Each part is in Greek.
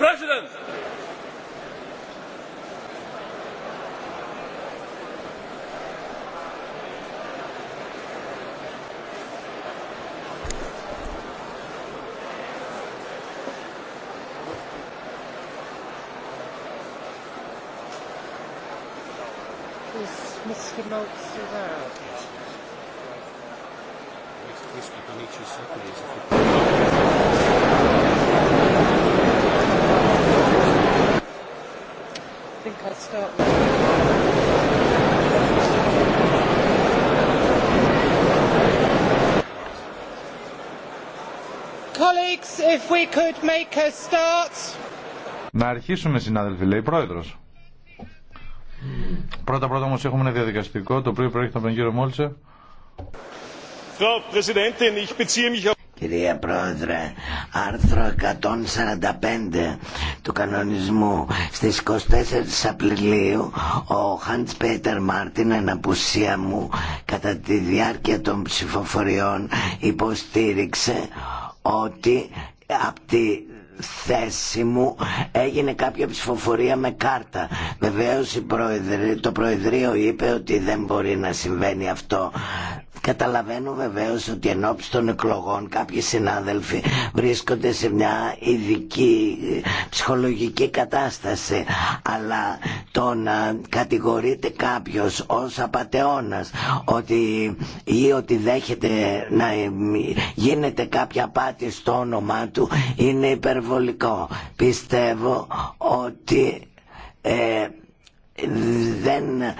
President! Να αρχίσουμε συνάδελφοι, λέει πρόεδρος. Πρώτα πρώτα όμως έχουμε ένα διαδικαστικό, το οποίο προέρχεται από τον κύριο Μόλτσε. Κυρία Πρόεδρε, άρθρο 145 του κανονισμού στις 24 Απριλίου ο Χάντς Πέτερ Μάρτιν εν απουσία μου κατά τη διάρκεια των ψηφοφοριών υποστήριξε ότι από τη θέση μου έγινε κάποια ψηφοφορία με κάρτα. Βεβαίω το Προεδρείο είπε ότι δεν μπορεί να συμβαίνει αυτό Καταλαβαίνω βεβαίω ότι εν των εκλογών κάποιοι συνάδελφοι βρίσκονται σε μια ειδική ε, ψυχολογική κατάσταση. Αλλά το να κατηγορείται κάποιο ω απαταιώνα ότι ή ότι δέχεται να γίνεται κάποια πάτη στο όνομά του είναι υπερβολικό. Πιστεύω ότι. Ε, δεν, ε,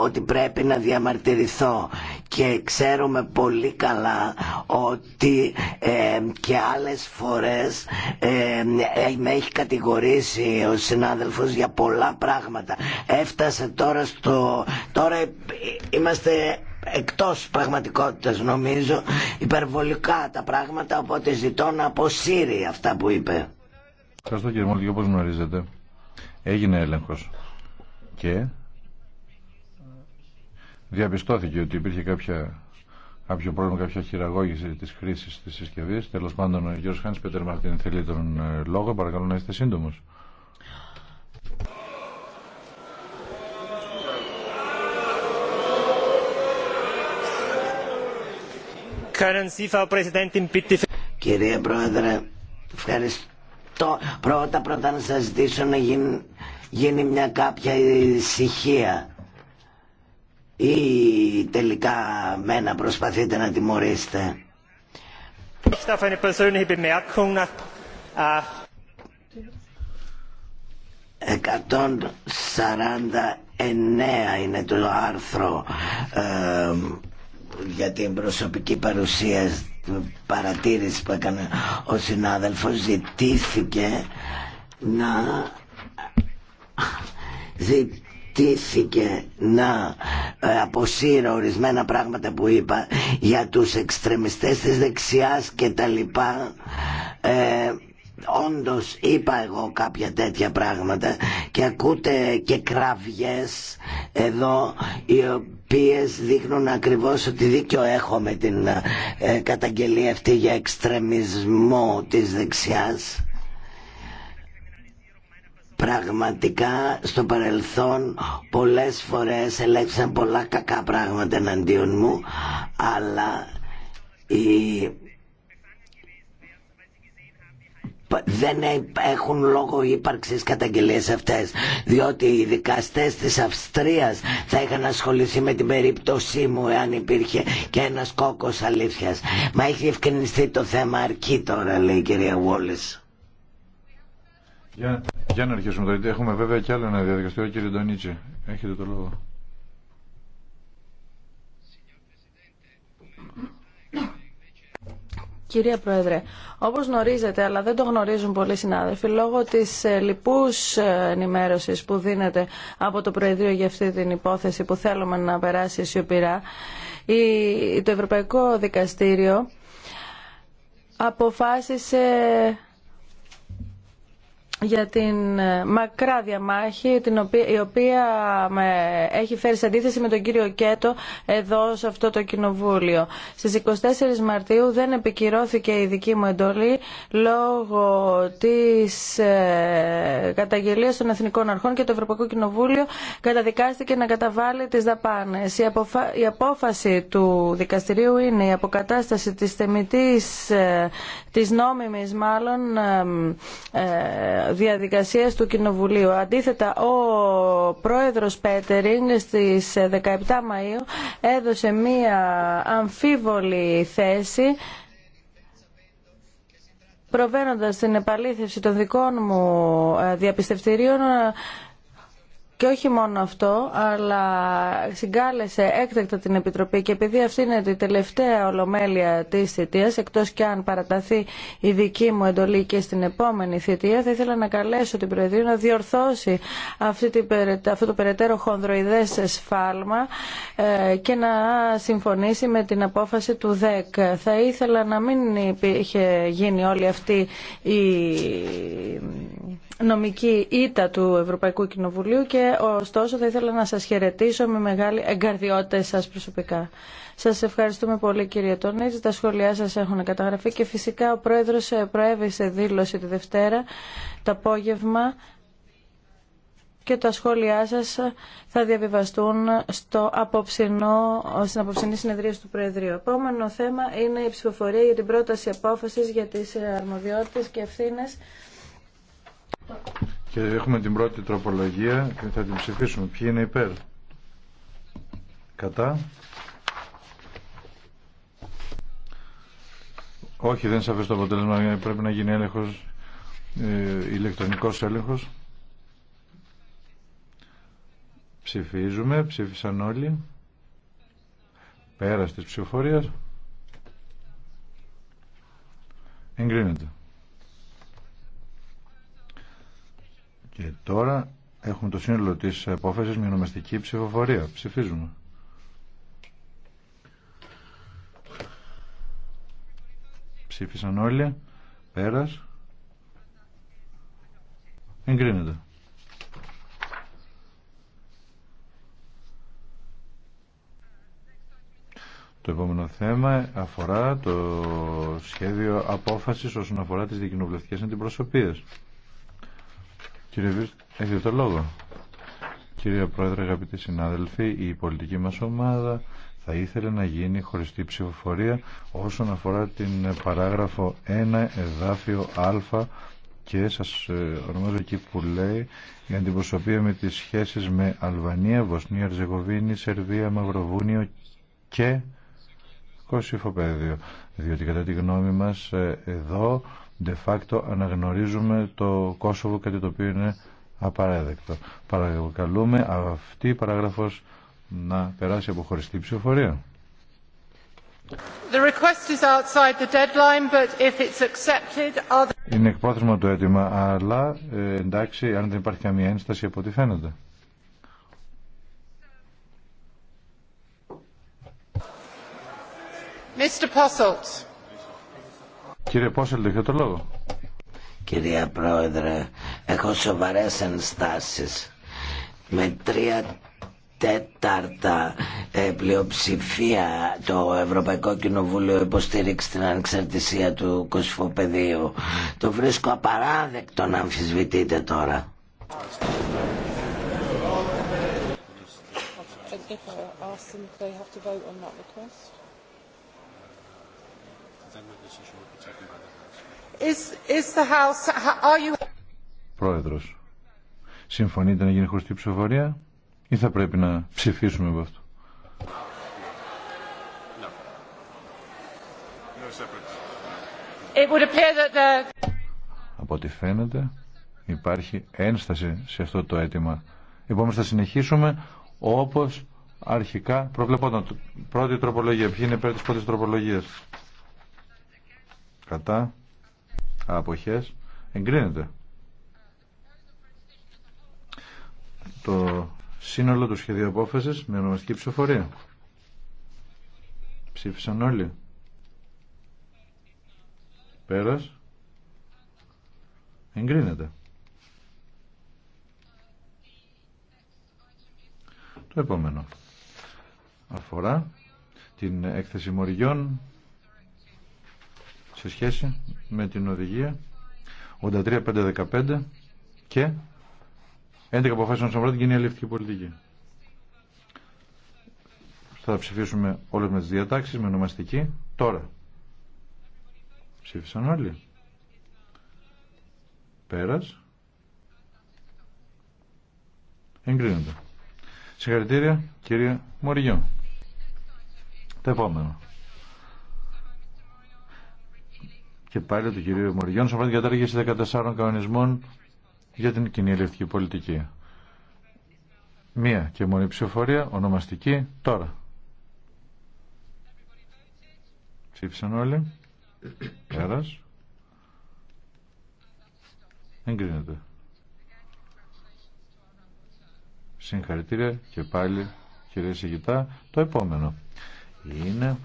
ότι πρέπει να διαμαρτυρηθώ και ξέρουμε πολύ καλά ότι ε, και άλλες φορές ε, ε, με έχει κατηγορήσει ο συνάδελφος για πολλά πράγματα έφτασε τώρα στο τώρα είμαστε εκτός πραγματικότητας νομίζω υπερβολικά τα πράγματα οπότε ζητώ να αποσύρει αυτά που είπε Ευχαριστώ κύριε Μόλι, όπως γνωρίζετε έγινε έλεγχος και διαπιστώθηκε ότι υπήρχε κάποια, κάποιο πρόβλημα, κάποια χειραγώγηση της χρήσης της συσκευή. Τέλος πάντων, ο Γιώργος Χάνης Πέτερ Μαρτίν θέλει τον ε, λόγο. Παρακαλώ να είστε σύντομος. Κύριε Πρόεδρε, ευχαριστώ. Πρώτα πρώτα να σας ζητήσω να, γίνει γίνει μια κάποια ησυχία ή τελικά μένα προσπαθείτε να τιμωρήσετε. Εκατόν σαράντα είναι το άρθρο ε, για την προσωπική παρουσία παρατήρηση που έκανε ο συνάδελφος ζητήθηκε να ζητήθηκε να ε, αποσύρω ορισμένα πράγματα που είπα για τους εξτρεμιστές της δεξιάς και τα λοιπά ε, όντως είπα εγώ κάποια τέτοια πράγματα και ακούτε και κραυγές εδώ οι οποίες δείχνουν ακριβώς ότι δίκιο έχω με την ε, καταγγελία αυτή για εξτρεμισμό της δεξιάς πραγματικά στο παρελθόν πολλές φορές ελέγξαν πολλά κακά πράγματα εναντίον μου αλλά οι... δεν έχουν λόγο ύπαρξης καταγγελίες αυτές διότι οι δικαστές της Αυστρίας θα είχαν ασχοληθεί με την περίπτωσή μου εάν υπήρχε και ένας κόκκος αλήθειας μα έχει ευκαινιστεί το θέμα αρκεί τώρα λέει η κυρία για, να αρχίσουμε τώρα. Έχουμε βέβαια και άλλο ένα διαδικαστήριο. Κύριε Ντονίτσι, έχετε το λόγο. Κυρία Πρόεδρε, όπως γνωρίζετε, αλλά δεν το γνωρίζουν πολλοί συνάδελφοι, λόγω της ε, λοιπούς ε, ενημέρωσης που δίνεται από το Προεδρείο για αυτή την υπόθεση που θέλουμε να περάσει σιωπηρά, το Ευρωπαϊκό Δικαστήριο αποφάσισε για την ε, μακρά διαμάχη την οποία, η οποία με, έχει φέρει σε αντίθεση με τον κύριο Κέτο εδώ σε αυτό το κοινοβούλιο. Στις 24 Μαρτίου δεν επικυρώθηκε η δική μου εντολή λόγω της ε, καταγγελίας των Εθνικών Αρχών και το Ευρωπαϊκό Κοινοβούλιο καταδικάστηκε να καταβάλει τις δαπάνες. Η, απόφαση του δικαστηρίου είναι η αποκατάσταση της θεμητής, ε, της νόμιμης μάλλον ε, διαδικασίας του Κοινοβουλίου. Αντίθετα, ο πρόεδρος Πέτερινγκ στις 17 Μαΐου έδωσε μία αμφίβολη θέση προβαίνοντας στην επαλήθευση των δικών μου ε, διαπιστευτηρίων και όχι μόνο αυτό, αλλά συγκάλεσε έκτακτα την Επιτροπή και επειδή αυτή είναι η τελευταία ολομέλεια της θητείας, εκτός και αν παραταθεί η δική μου εντολή και στην επόμενη θητεία, θα ήθελα να καλέσω την Προεδρία να διορθώσει αυτή την, αυτό το περαιτέρω χονδροειδές σφάλμα ε, και να συμφωνήσει με την απόφαση του ΔΕΚ. Θα ήθελα να μην είχε γίνει όλη αυτή η νομική ήττα του Ευρωπαϊκού Κοινοβουλίου και ωστόσο θα ήθελα να σας χαιρετήσω με μεγάλη εγκαρδιότητα σας προσωπικά. Σας ευχαριστούμε πολύ κύριε Τόνιτς, τα σχόλιά σας έχουν καταγραφεί και φυσικά ο Πρόεδρος ε, προέβησε δήλωση τη Δευτέρα το απόγευμα και τα σχόλιά σας θα διαβιβαστούν στο απόψινό, στην απόψινή συνεδρία του Προεδρείου. Επόμενο θέμα είναι η ψηφοφορία για την πρόταση απόφασης για τις ε, αρμοδιότητες και ευθύνε. Και έχουμε την πρώτη τροπολογία και θα την ψηφίσουμε. Ποιοι είναι υπέρ. Κατά. Όχι, δεν σαφέ το αποτέλεσμα. Πρέπει να γίνει έλεγχος, ε, ηλεκτρονικός έλεγχος. Ψηφίζουμε, ψήφισαν όλοι. Πέρα τη ψηφοφορίας. Εγκρίνεται. Και τώρα έχουμε το σύνολο της απόφασης με ονομαστική ψηφοφορία. Ψηφίζουμε. Ψήφισαν όλοι. Πέρας. Εγκρίνεται. Το επόμενο θέμα αφορά το σχέδιο απόφασης όσον αφορά τις δικοινοβουλευτικές αντιπροσωπείες. Κύριε Βίρτ, έχετε το λόγο. Κύριε Πρόεδρε, αγαπητοί συνάδελφοι, η πολιτική μας ομάδα θα ήθελε να γίνει χωριστή ψηφοφορία όσον αφορά την παράγραφο 1 εδάφιο α και σας ε, ονομάζω εκεί που λέει η αντιπροσωπεία με τις σχέσεις με Αλβανία, Βοσνία, Ερζεγοβίνη, Σερβία, Μαυροβούνιο και Πέδιο. Διότι κατά τη γνώμη μας ε, εδώ de facto αναγνωρίζουμε το Κόσοβο, κάτι το οποίο είναι απαραίδεκτο. Παρακαλούμε αυτή η παράγραφος να περάσει από χωριστή ψηφοφορία. Είναι εκπρόθεσμα το αίτημα, αλλά ε, εντάξει, αν δεν υπάρχει καμία ένσταση από ό,τι φαίνεται. Κύριε Πόσελ, έχετε το λόγο. Κυρία Πρόεδρε, έχω σοβαρές ενστάσεις. Με τρία τέταρτα ε, πλειοψηφία το Ευρωπαϊκό Κοινοβούλιο υποστήριξε την ανεξαρτησία του κοσφοπεδίου. Το βρίσκω απαράδεκτο να αμφισβητείτε τώρα. Πρόεδρος, συμφωνείτε να γίνει χωριστή ψηφοφορία ή θα πρέπει να ψηφίσουμε από αυτό. Από ό,τι φαίνεται υπάρχει ένσταση σε αυτό το αίτημα. Επομένω θα συνεχίσουμε όπως αρχικά προβλεπόταν. Πρώτη τροπολογία. Ποιοι είναι υπέρ της πρώτης τροπολογίας κατά αποχές εγκρίνεται το σύνολο του σχεδίου απόφασης με ονομαστική ψηφοφορία ψήφισαν όλοι πέρας εγκρίνεται το επόμενο αφορά την έκθεση μοριών σε σχέση με την οδηγία 83-515 και 11 αποφάσεων σαν την κοινή αλληλευτική πολιτική. Θα ψηφίσουμε όλες με τις διατάξεις, με ονομαστική, τώρα. Ψήφισαν όλοι. Πέρας. Εγκρίνονται. Συγχαρητήρια, κύριε Μοριγιό. Τα επόμενα. και πάλι του κυρίου Μοριών σε την κατάργηση 14 κανονισμών για την κοινή ελευθερική πολιτική. Μία και μόνη ψηφοφορία, ονομαστική, τώρα. Ψήφισαν όλοι. Πέρας. Εγκρίνεται. Συγχαρητήρια και πάλι κύριε Σιγητά. Το επόμενο είναι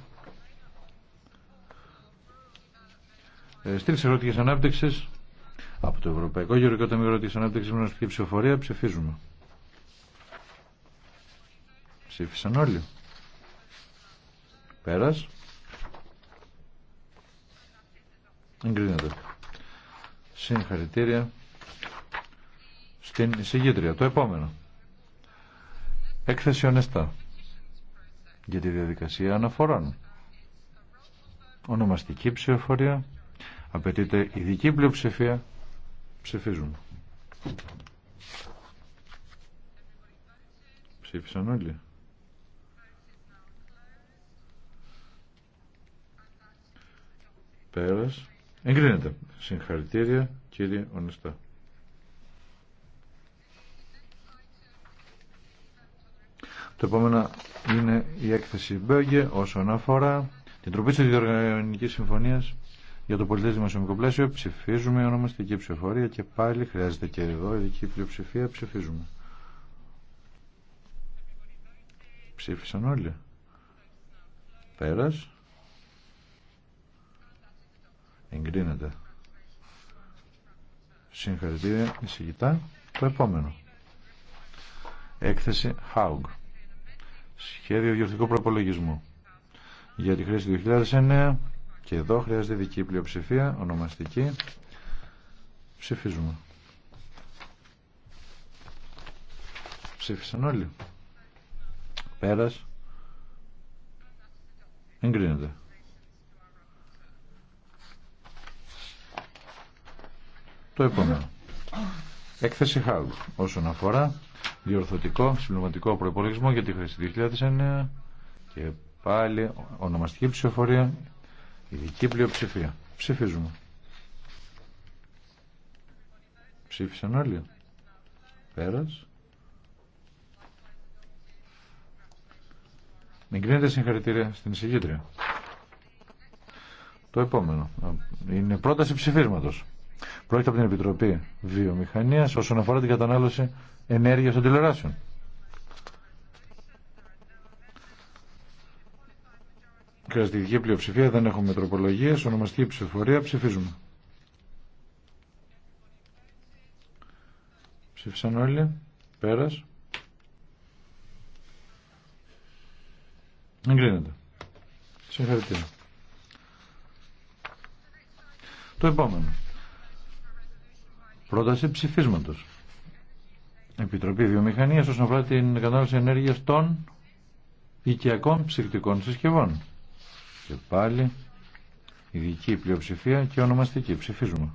Ε, στήριξη ερωτικής ανάπτυξη από το Ευρωπαϊκό Γεωργικό Ταμείο Ερωτικής ανάπτυξη με νοστική ψηφοφορία ψηφίζουμε. Ψήφισαν όλοι. Πέρας. Εγκρίνεται. Συγχαρητήρια στην εισηγήτρια. Το επόμενο. Έκθεση ονεστά για τη διαδικασία αναφορών. Ονομαστική ψηφοφορία. Απαιτείται ειδική πλειοψηφία. Ψηφίζουμε. Ψήφισαν όλοι. Πέρας. Εγκρίνεται. Συγχαρητήρια κύριε Ωνιστά. Το επόμενο είναι η έκθεση Μπέγκε όσον αφορά την τροπή της Διοργανικής Συμφωνίας για το πολιτέ δημοσιονομικό πλαίσιο ψηφίζουμε ονομαστική ψηφοφορία και πάλι χρειάζεται και εδώ ειδική πλειοψηφία ψηφίζουμε. Ψήφισαν όλοι. Πέρας. Εγκρίνεται. Συγχαρητήρια εισηγητά. Το επόμενο. Έκθεση Haug. Σχέδιο διορθικού προπολογισμού. Για τη χρήση του 2009 και εδώ χρειάζεται δική πλειοψηφία, ονομαστική. Ψηφίζουμε. Ψήφισαν όλοι. Πέρας. Εγκρίνεται. Το επόμενο. Έκθεση Χάου όσον αφορά διορθωτικό συμπληρωματικό προπολογισμό για τη χρήση 2009 και πάλι ονομαστική ψηφοφορία Ειδική πλειοψηφία. Ψηφίζουμε. Ψήφισαν όλοι. Πέρας. κρίνετε συγχαρητήρια στην εισηγήτρια. Το επόμενο είναι πρόταση ψηφίσματος. Πρόκειται από την Επιτροπή Βιομηχανίας όσον αφορά την κατανάλωση ενέργειας των τηλεράσεων. Κραστική πλειοψηφία, δεν έχουμε τροπολογίε. Ονομαστική ψηφοφορία, ψηφίζουμε. Ψήφισαν όλοι. Πέρας. Εγκρίνεται. Συγχαρητήρια. Το επόμενο. Πρόταση ψηφίσματος. Επιτροπή Βιομηχανίας όσον αφορά την κατανάλωση ενέργειας των οικιακών ψυχτικών συσκευών και πάλι ειδική πλειοψηφία και ονομαστική. Ψηφίζουμε.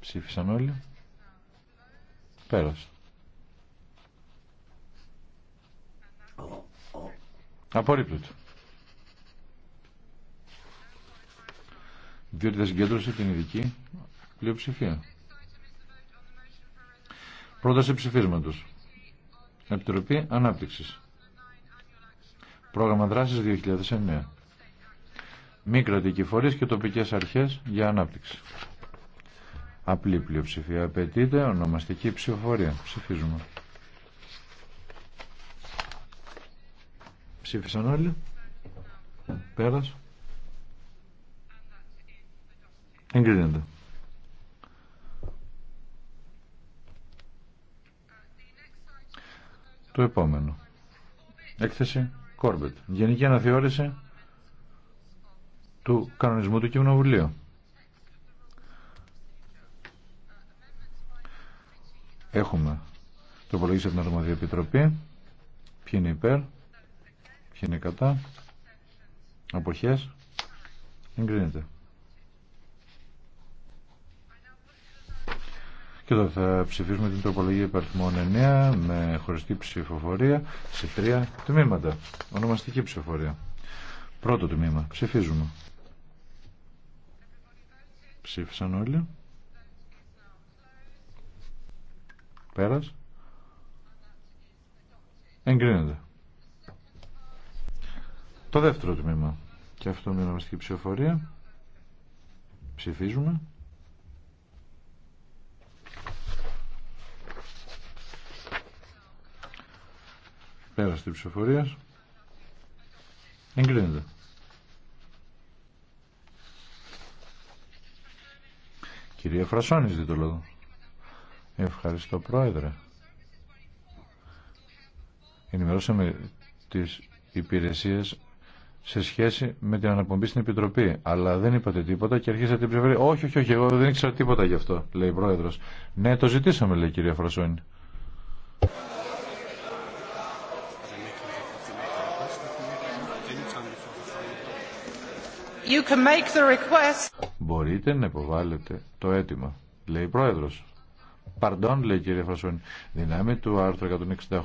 Ψήφισαν όλοι. Πέρασε. Απορρίπτωτο. Διότι δεν συγκέντρωσε την ειδική πλειοψηφία. Πρόταση ψηφίσματος. Επιτροπή Ανάπτυξης πρόγραμμα δράσης 2009. Μη κρατικοί φορείς και τοπικές αρχές για ανάπτυξη. Απλή πλειοψηφία απαιτείται, ονομαστική ψηφοφορία. Ψηφίζουμε. Ψήφισαν όλοι. Πέρας. Εγκρίνεται. Το επόμενο. Έκθεση Κόρμπετ. Γενική αναθεώρηση του κανονισμού του Κοινοβουλίου. Έχουμε το από την Αρμαδία Επιτροπή. Ποιοι είναι υπέρ, ποιοι είναι κατά, αποχές, εγκρίνεται. και τώρα θα ψηφίσουμε την τροπολογία υπαριθμών 9 με χωριστή ψηφοφορία σε τρία τμήματα. Ονομαστική ψηφοφορία. Πρώτο τμήμα. Ψηφίζουμε. Ψήφισαν όλοι. Πέρας. Εγκρίνεται. Το δεύτερο τμήμα. Και αυτό με ονομαστική ψηφοφορία. Ψηφίζουμε. Πέραστη ψηφοφορία. Εγκρίνεται. Κυρία Φρασόνη, δείτε το λόγο. Ευχαριστώ, Πρόεδρε. Ενημερώσαμε τις υπηρεσίες σε σχέση με την αναπομπή στην Επιτροπή. Αλλά δεν είπατε τίποτα και αρχίσατε την ψηφοφορία. Όχι, όχι, όχι, εγώ δεν ήξερα τίποτα γι' αυτό, λέει η Πρόεδρος. Ναι, το ζητήσαμε, λέει η κυρία Φρασόνη. You can make the request. Μπορείτε να υποβάλλετε το αίτημα, λέει η Πρόεδρος. Παρντών, λέει η κυρία Φρασόνη. Δυνάμει του άρθρου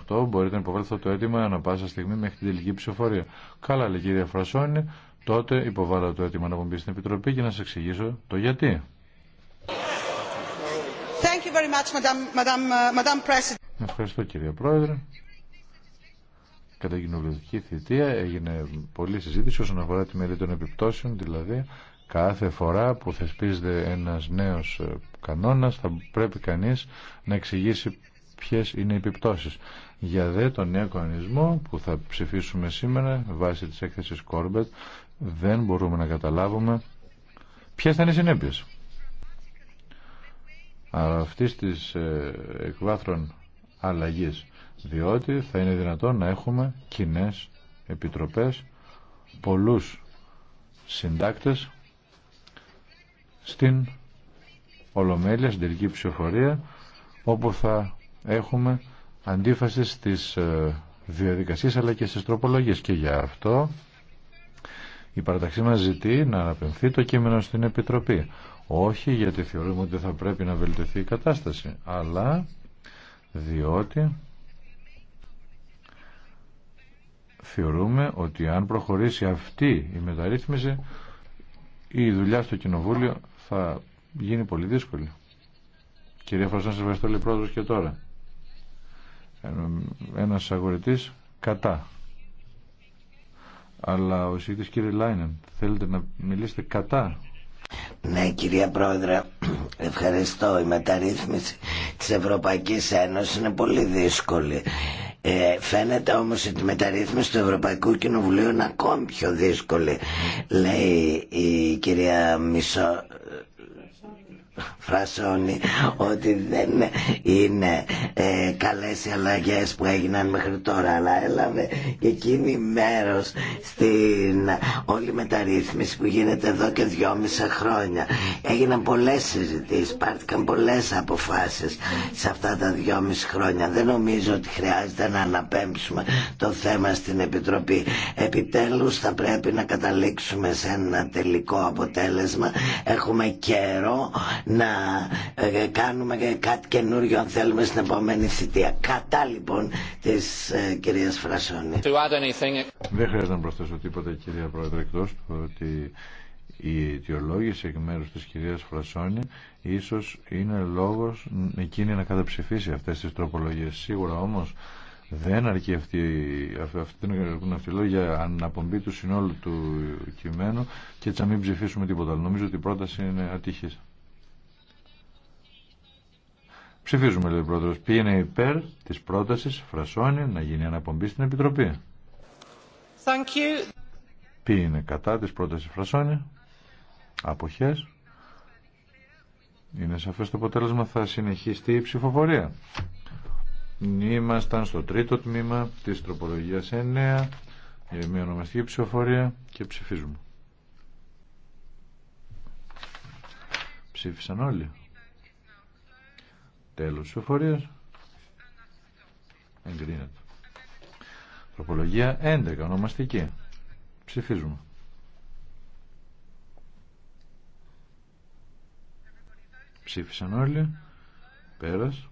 168 μπορείτε να υποβάλλετε το αίτημα ανα πάσα στιγμή μέχρι την τελική ψηφοφορία. Καλά, λέει η κυρία Φρασόνη. Τότε υποβάλλω το αίτημα να μπει στην Επιτροπή και να σας εξηγήσω το γιατί. Thank you very much, uh, President. Ευχαριστώ, κυρία Πρόεδρε κατά κοινοβουλευτική θητεία έγινε πολλή συζήτηση όσον αφορά τη μερίδα των επιπτώσεων, δηλαδή κάθε φορά που θεσπίζεται ένας νέος ε, κανόνας θα πρέπει κανείς να εξηγήσει ποιες είναι οι επιπτώσεις. Για δε τον νέο κανονισμό που θα ψηφίσουμε σήμερα βάσει της έκθεσης Κόρμπετ δεν μπορούμε να καταλάβουμε ποιες θα είναι οι συνέπειες. Αυτή της ε, εκβάθρων διότι θα είναι δυνατόν να έχουμε κοινέ επιτροπές πολλούς συντάκτες στην Ολομέλεια, στην τελική ψηφοφορία όπου θα έχουμε αντίφαση στις ε, διαδικασίες αλλά και στις τροπολογίες και για αυτό η παραταξή μας ζητεί να αναπαινθεί το κείμενο στην Επιτροπή όχι γιατί θεωρούμε ότι θα πρέπει να βελτιωθεί η κατάσταση αλλά διότι θεωρούμε ότι αν προχωρήσει αυτή η μεταρρύθμιση η δουλειά στο κοινοβούλιο θα γίνει πολύ δύσκολη. Κυρία Φασόν, σας ευχαριστώ και τώρα. Ένας αγορητής κατά. Αλλά ο εισηγητής κύριε Λάινεν, θέλετε να μιλήσετε κατά. Ναι κυρία Πρόεδρε, Ευχαριστώ. Η μεταρρύθμιση της Ευρωπαϊκής Ένωσης είναι πολύ δύσκολη. Ε, φαίνεται όμως ότι η μεταρρύθμιση του Ευρωπαϊκού Κοινοβουλίου είναι ακόμη πιο δύσκολη. Λέει η κυρία Μισό φρασώνει ότι δεν είναι ε, καλές οι αλλαγές που έγιναν μέχρι τώρα αλλά έλαβε εκείνη μέρος στην όλη μεταρρύθμιση που γίνεται εδώ και δυόμισα χρόνια έγιναν πολλές συζητήσεις πάρτηκαν πολλές αποφάσεις σε αυτά τα δυόμιση χρόνια δεν νομίζω ότι χρειάζεται να αναπέμψουμε το θέμα στην Επιτροπή επιτέλους θα πρέπει να καταλήξουμε σε ένα τελικό αποτέλεσμα έχουμε καιρό να ε, κάνουμε κάτι καινούριο αν θέλουμε στην επόμενη θητεία. Κατά λοιπόν τη κυρία ε, κυρίας Φρασόνη. Δεν χρειάζεται να προσθέσω τίποτα κυρία Πρόεδρε εκτό του ότι η αιτιολόγηση εκ μέρους της κυρίας Φρασόνη ίσως είναι λόγο εκείνη να καταψηφίσει αυτέ τι τροπολογίε. Σίγουρα όμω, δεν αρκεί αυτή, αυτή, αυτή, η λόγια αναπομπή του συνόλου του κειμένου και έτσι να μην ψηφίσουμε τίποτα. Νομίζω ότι η πρόταση είναι ατύχης. Ψηφίζουμε, λέει ο πρόεδρος. Ποιοι είναι υπέρ της πρότασης Φρασόνη να γίνει αναπομπή στην Επιτροπή. Thank you. Ποιοι είναι κατά της πρότασης Φρασόνη. Αποχές. Είναι σαφές το αποτέλεσμα. Θα συνεχιστεί η ψηφοφορία. Ήμασταν στο τρίτο τμήμα της τροπολογίας 9 για μια ονομαστική ψηφοφορία και ψηφίζουμε. Ψήφισαν όλοι. Τέλος της εφορίας. Εγκρίνεται. Τροπολογία 11, ονομαστική. Ψηφίζουμε. Ψήφισαν όλοι. Πέρας.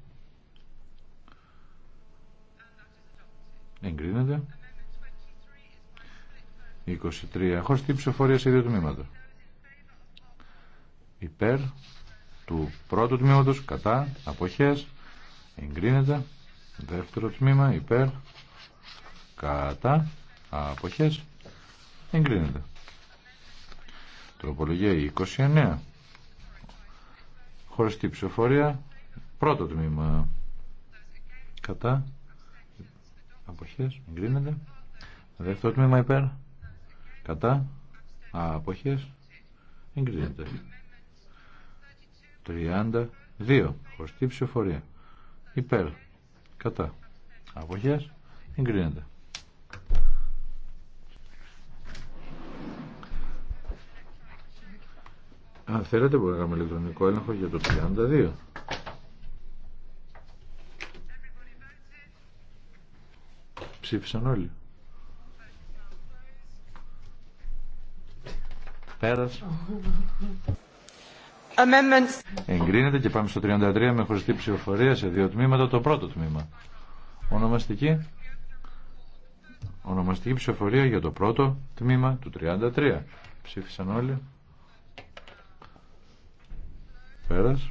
Εγκρίνεται. 23. Έχω στην ψηφοφορία σε δύο τμήματα. Υπέρ του πρώτου τμήματος κατά αποχές εγκρίνεται δεύτερο τμήμα υπέρ κατά αποχές εγκρίνεται τροπολογία 29 χωριστή ψηφοφορία πρώτο τμήμα κατά αποχές εγκρίνεται δεύτερο τμήμα υπέρ κατά αποχές εγκρίνεται 32 Χωστή ψηφορία. υπέρ κατά αποχές εγκρίνεται Αν θέλετε μπορούμε να κάνουμε ηλεκτρονικό έλεγχο για το 32. Ψήφισαν όλοι. Πέρασε. Εγκρίνεται και πάμε στο 33 με χωριστή ψηφοφορία σε δύο τμήματα. Το πρώτο τμήμα. Ονομαστική. Ονομαστική ψηφοφορία για το πρώτο τμήμα του 33. Ψήφισαν όλοι. Πέρας.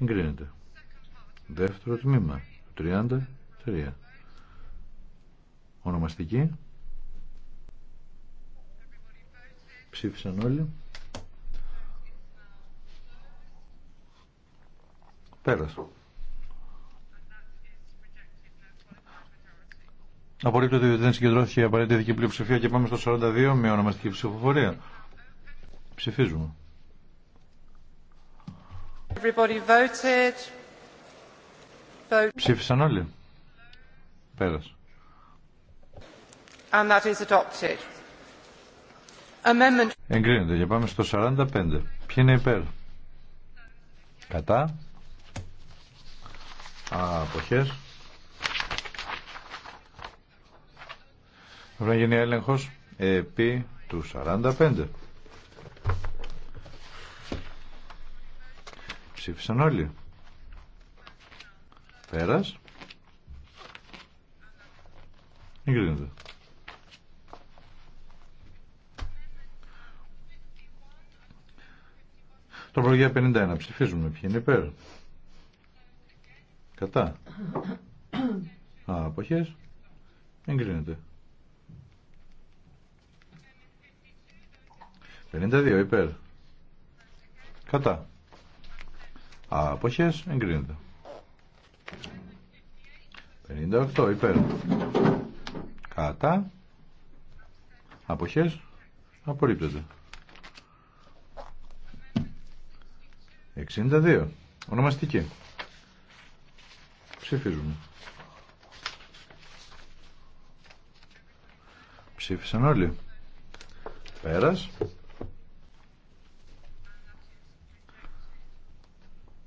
Εγκρίνεται. Δεύτερο τμήμα. 33. Ονομαστική. Ψήφισαν όλοι. Πέρασε. Απορρίπτω ότι δεν συγκεντρώθηκε η απαραίτητη δική πλειοψηφία και πάμε στο 42 με ονομαστική ψηφοφορία. Ψηφίζουμε. Ψήφισαν όλοι. Πέρασε. And that is adopted. Εγκρίνεται πάμε στο 45. Ποιοι είναι υπέρ. Κατά. Αποχές. Πρέπει να γίνει έλεγχος επί του 45. Ψήφισαν όλοι. Πέρας. Εγκρίνεται. Το Τροπολογία 51. Ψηφίζουμε. Ποιοι είναι υπέρ. Κατά. Α, αποχές. Εγκρίνεται. 52 υπέρ. Κατά. Α, αποχές. Εγκρίνεται. 58 υπέρ. Κατά. Αποχές. Απορρίπτεται. 62. Ονομαστική. Ψηφίζουμε. Ψήφισαν όλοι. Πέρας.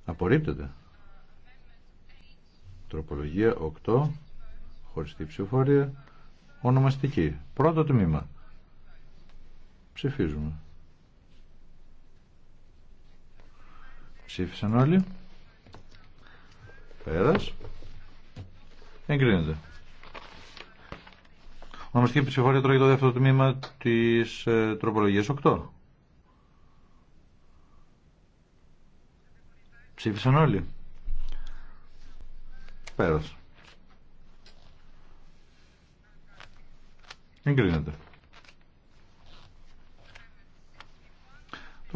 Απορρίπτεται. Τροπολογία 8. Χωριστή ψηφοφορία. Ονομαστική. Πρώτο τμήμα. Ψηφίζουμε. Ψήφισαν όλοι. Πέρας. Εγκρίνεται. Ονομαστική ψηφοφορία τώρα για το δεύτερο τμήμα της ε, τροπολογίας 8. Ψήφισαν όλοι. Πέρας. Εγκρίνεται.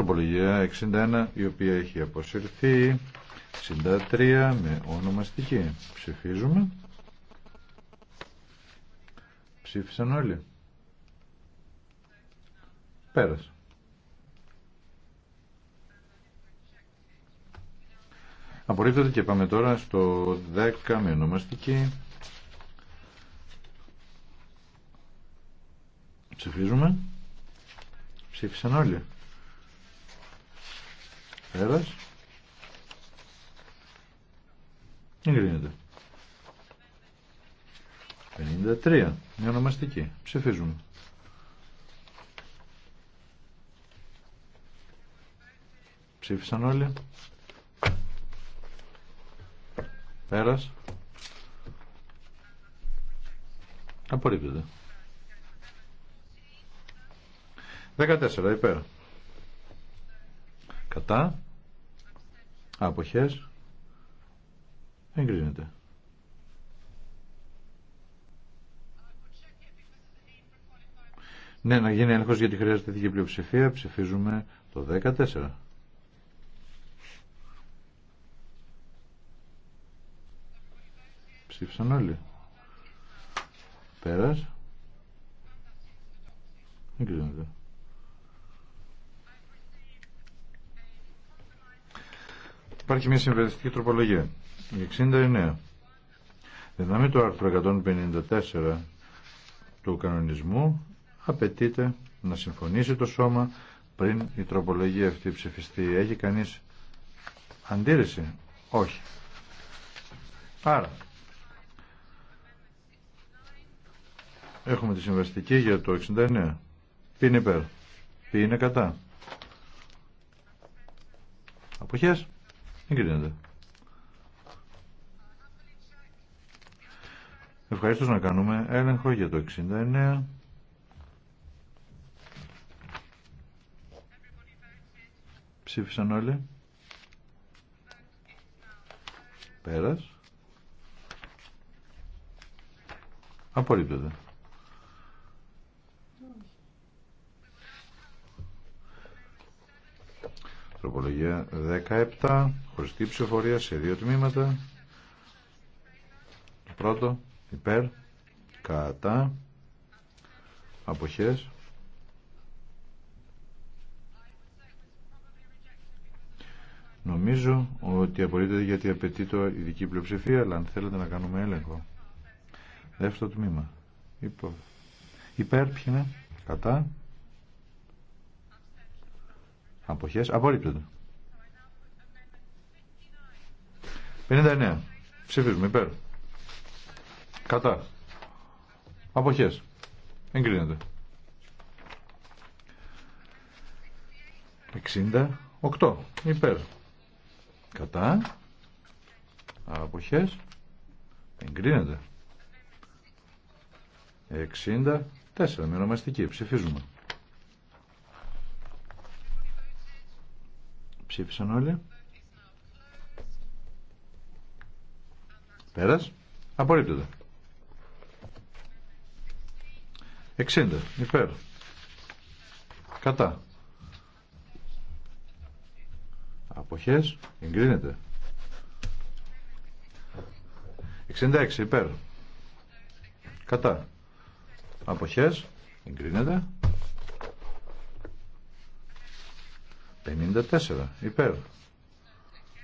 Τροπολογία 61 η οποία έχει αποσυρθεί. 63 με ονομαστική. Ψηφίζουμε. Ψήφισαν όλοι. Πέρασε. Απορρίπτεται και πάμε τώρα στο 10 με ονομαστική. Ψηφίζουμε. Ψήφισαν όλοι. Δεν Εγκρίνεται. 53. Μια ονομαστική. Ψηφίζουμε. Ψήφισαν όλοι. Πέρας. Απορρίπτεται. 14. Υπέρα κατά αποχές εγκρίνεται Ναι, να γίνει έλεγχος γιατί χρειάζεται δική πλειοψηφία. Ψηφίζουμε το 14. Ψήφισαν όλοι. Πέρας. Δεν Υπάρχει μια συμβιβαστική τροπολογία. Η 69. Δυναμή το άρθρο 154 του κανονισμού απαιτείται να συμφωνήσει το σώμα πριν η τροπολογία αυτή ψηφιστεί. Έχει κανείς αντίρρηση. Όχι. Άρα, έχουμε τη συμβαστική για το 69. Ποιοι είναι υπέρ, ποιοι είναι κατά. Αποχές. Εγκρίνεται. Ευχαριστώ να κάνουμε έλεγχο για το 69. Ψήφισαν όλοι. Πέρας. Απορρίπτεται. Απολογία 17, χωριστή ψηφοφορία σε δύο τμήματα. Το πρώτο, υπέρ, κατά, αποχές. Νομίζω ότι απορείτε γιατί απαιτεί το ειδική πλειοψηφία, αλλά αν θέλετε να κάνουμε έλεγχο. Δεύτερο τμήμα. Υπό. Υπέρ, ποιο είναι, κατά, αποχές, απορρίπτονται. 59. Ψηφίζουμε υπέρ. Κατά. Αποχέ. Εγκρίνεται. 68. Υπέρ. Κατά. άποχέ. Εγκρίνεται. 64. Με ονομαστική. Ψηφίζουμε. Ψήφισαν όλοι. Πέρας. Απορρίπτεται. 60. Υπέρ. Κατά. Αποχές. Εγκρίνεται. 66. Υπέρ. Κατά. Αποχές. Εγκρίνεται. 54. Υπέρ.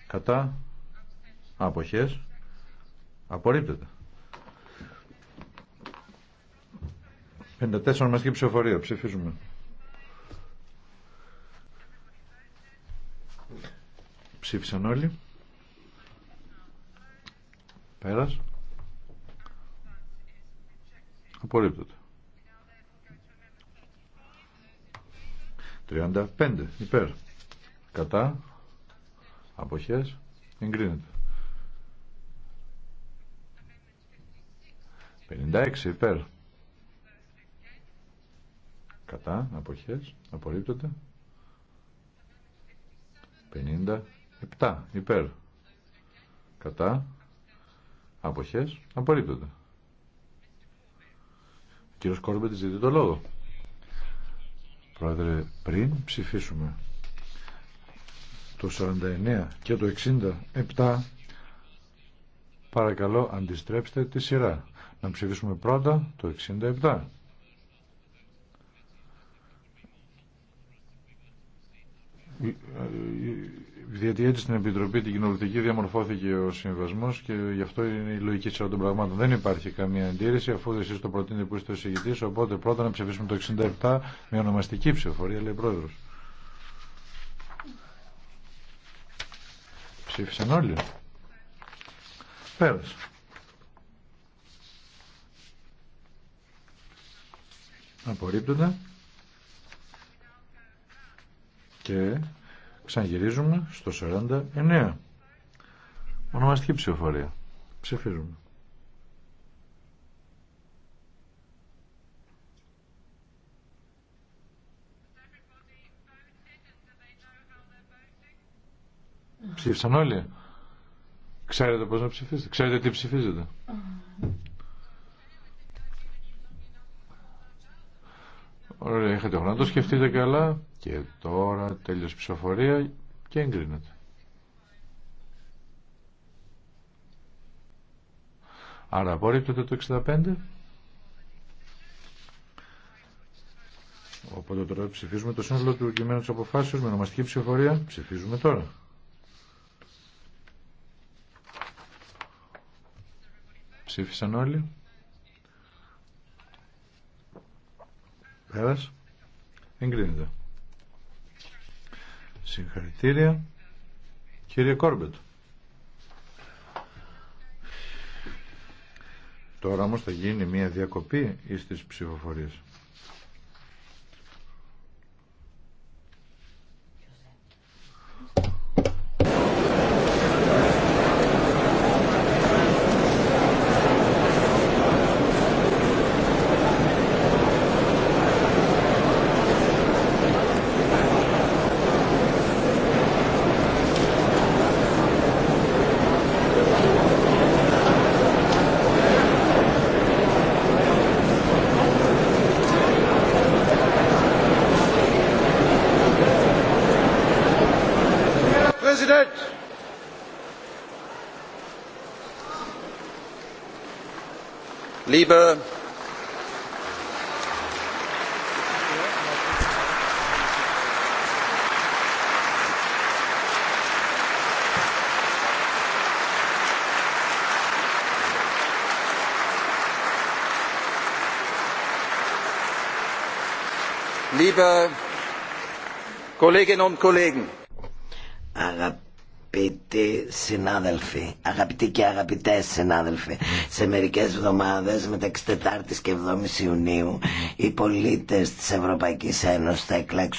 Κατά. Αποχές. Απορρίπτεται. 54 μας και ψηφοφορία. Ψηφίζουμε. Ψήφισαν όλοι. Πέρας. Απορρίπτεται. 35 υπέρ. Κατά. Αποχές. Εγκρίνεται. 56 υπέρ. Κατά, αποχές, απορρίπτωται, 57 υπέρ. Κατά, αποχές, απορρίπτωται. Ο κύριος Κόρμπετ ζητεί το λόγο. Πρόεδρε, πριν ψηφίσουμε το 49 και το 67, παρακαλώ αντιστρέψτε τη σειρά να ψηφίσουμε πρώτα το 67. Διότι έτσι στην Επιτροπή την Κοινοβουλευτική διαμορφώθηκε ο συμβασμό και γι' αυτό είναι η λογική τη των πραγμάτων. Δεν υπάρχει καμία αντίρρηση αφού εσεί το προτείνετε που είστε ο συγητή. Οπότε πρώτα να ψηφίσουμε το 67 με ονομαστική ψηφοφορία, λέει πρόεδρο. Ψήφισαν όλοι. Πέρασε. Απορρίπτοντα και ξαναγυρίζουμε στο 49 ονομαστική ψηφοφορία ψηφίζουμε Ψήφισαν όλοι. Ξέρετε πώς να ψηφίσετε. Ξέρετε τι ψηφίζετε. Ωραία, είχατε χρόνο να το σκεφτείτε καλά και τώρα τέλειωσε η ψηφοφορία και εγκρίνεται. Άρα απορρίπτεται το 65. Οπότε τώρα ψηφίζουμε το σύνολο του κειμένου της αποφάσεως με ονομαστική ψηφοφορία. Ψηφίζουμε τώρα. Ψήφισαν όλοι. Πέρας. Εγκρίνεται. Συγχαρητήρια. Κύριε Κόρμπετ. Τώρα όμως θα γίνει μια διακοπή εις τις ψηφοφορίες. Liebe Liebe Kolleginnen und Kollegen, Αγαπητοί συνάδελφοι, αγαπητοί και αγαπητές συνάδελφοι, σε μερικές εβδομάδες μεταξύ και 7 Ιουνίου οι πολίτες της Ευρωπαϊκής Ένωσης θα εκλέξουν